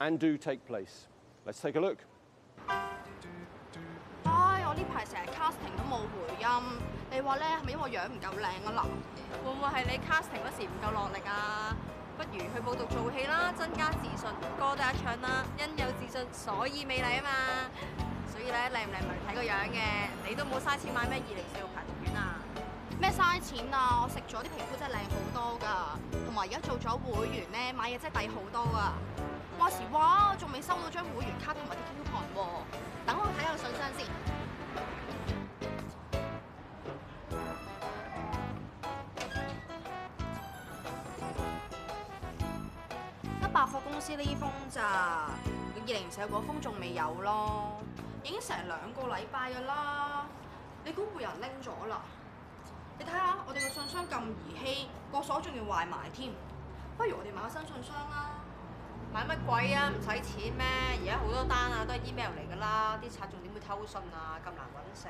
and do take place. Let's take a look. 唉、哎，我呢排成日 casting 都冇回音，你話咧係咪因為樣唔夠靚啊？嗱，會唔會係你 casting 嗰時唔夠落力啊？不如去報讀做戲啦，增加自信，歌都一唱啦，因有自信所以美麗啊嘛。所以咧，靚唔靚咪睇個樣嘅，你都冇嘥錢買咩二零四六貧血啊？咩嘥錢啊？我食咗啲皮膚真係靚好多㗎，同埋而家做咗會員咧，買嘢真係抵好多啊。嗰時哇，仲未收到張會員卡同埋啲 coupon 喎、啊。等我睇下信箱先。一百貨公司呢封咋， 二零四嗰封仲未有咯，已經成兩個禮拜噶啦。你估會人拎咗啦，你睇下我哋個信箱咁兒戲，個鎖仲要壞埋添，不如我哋買個新信箱啦。買乜鬼啊？唔使錢咩？而家好多單啊，都係 email 嚟㗎啦，啲賊仲點會偷信啊？咁難揾食。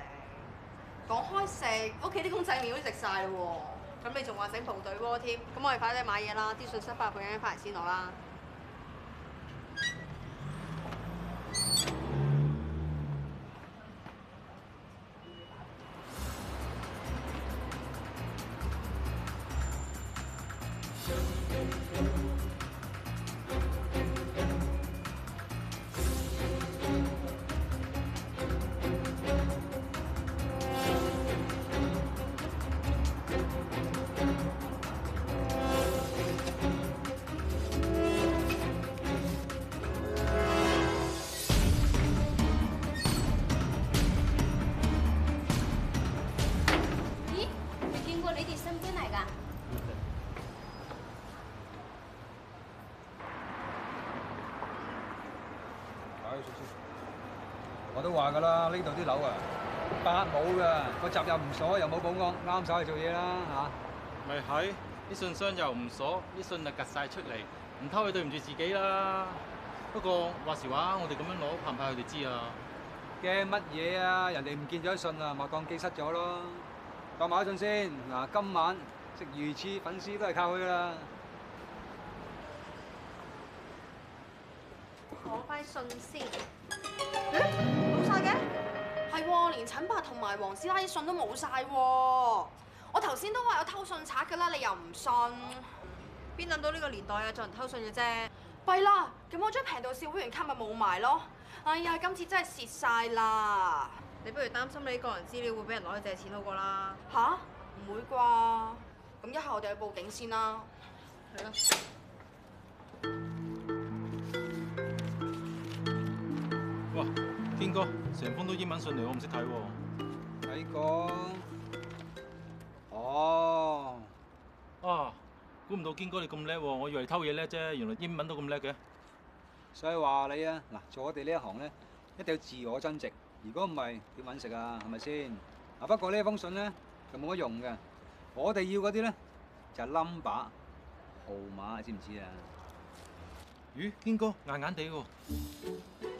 講開食，屋企啲公仔麪都食晒嘞喎，咁、嗯、你仲話整蒲隊鍋添？咁我哋快啲買嘢啦，啲信息發，佢返嚟先攞啦。我都話噶啦，呢度啲樓啊，八冇噶，個閘又唔鎖，又冇保安，啱晒去做嘢啦吓。咪係，啲信箱又唔鎖，啲信就夾晒出嚟，唔偷佢對唔住自己啦。不過話時話，我哋咁樣攞，怕唔怕佢哋知啊？驚乜嘢啊？人哋唔見咗信啊，咪當機失咗咯。當埋啲信先。嗱，今晚食魚翅粉絲都係靠佢啦。攞返信先，誒冇晒嘅，係喎，連陳伯同埋黃師奶啲信都冇晒喎，我頭先都話有偷信賊㗎啦，你又唔信？邊諗到呢個年代呀，做人偷信嘅啫？弊啦，咁我張平到笑會員卡咪冇埋咯，哎呀，今次真係蝕晒啦！你不如擔心你個人資料會俾人攞去借錢好過啦，啊。吓？唔會啩？咁一下我哋去報警先啦。係咯。堅哥，成封都英文信嚟，我唔識睇喎。睇過。哦。啊。估唔到堅哥你咁叻喎，我以為你偷嘢叻啫，原來英文都咁叻嘅。所以話你啊，嗱，做我哋呢一行咧，一定要自我增值，如果唔係點揾食啊？係咪先？啊，不過呢封信咧就冇乜用嘅，我哋要嗰啲咧就冧巴號碼，知唔知啊？咦，堅哥硬硬地喎。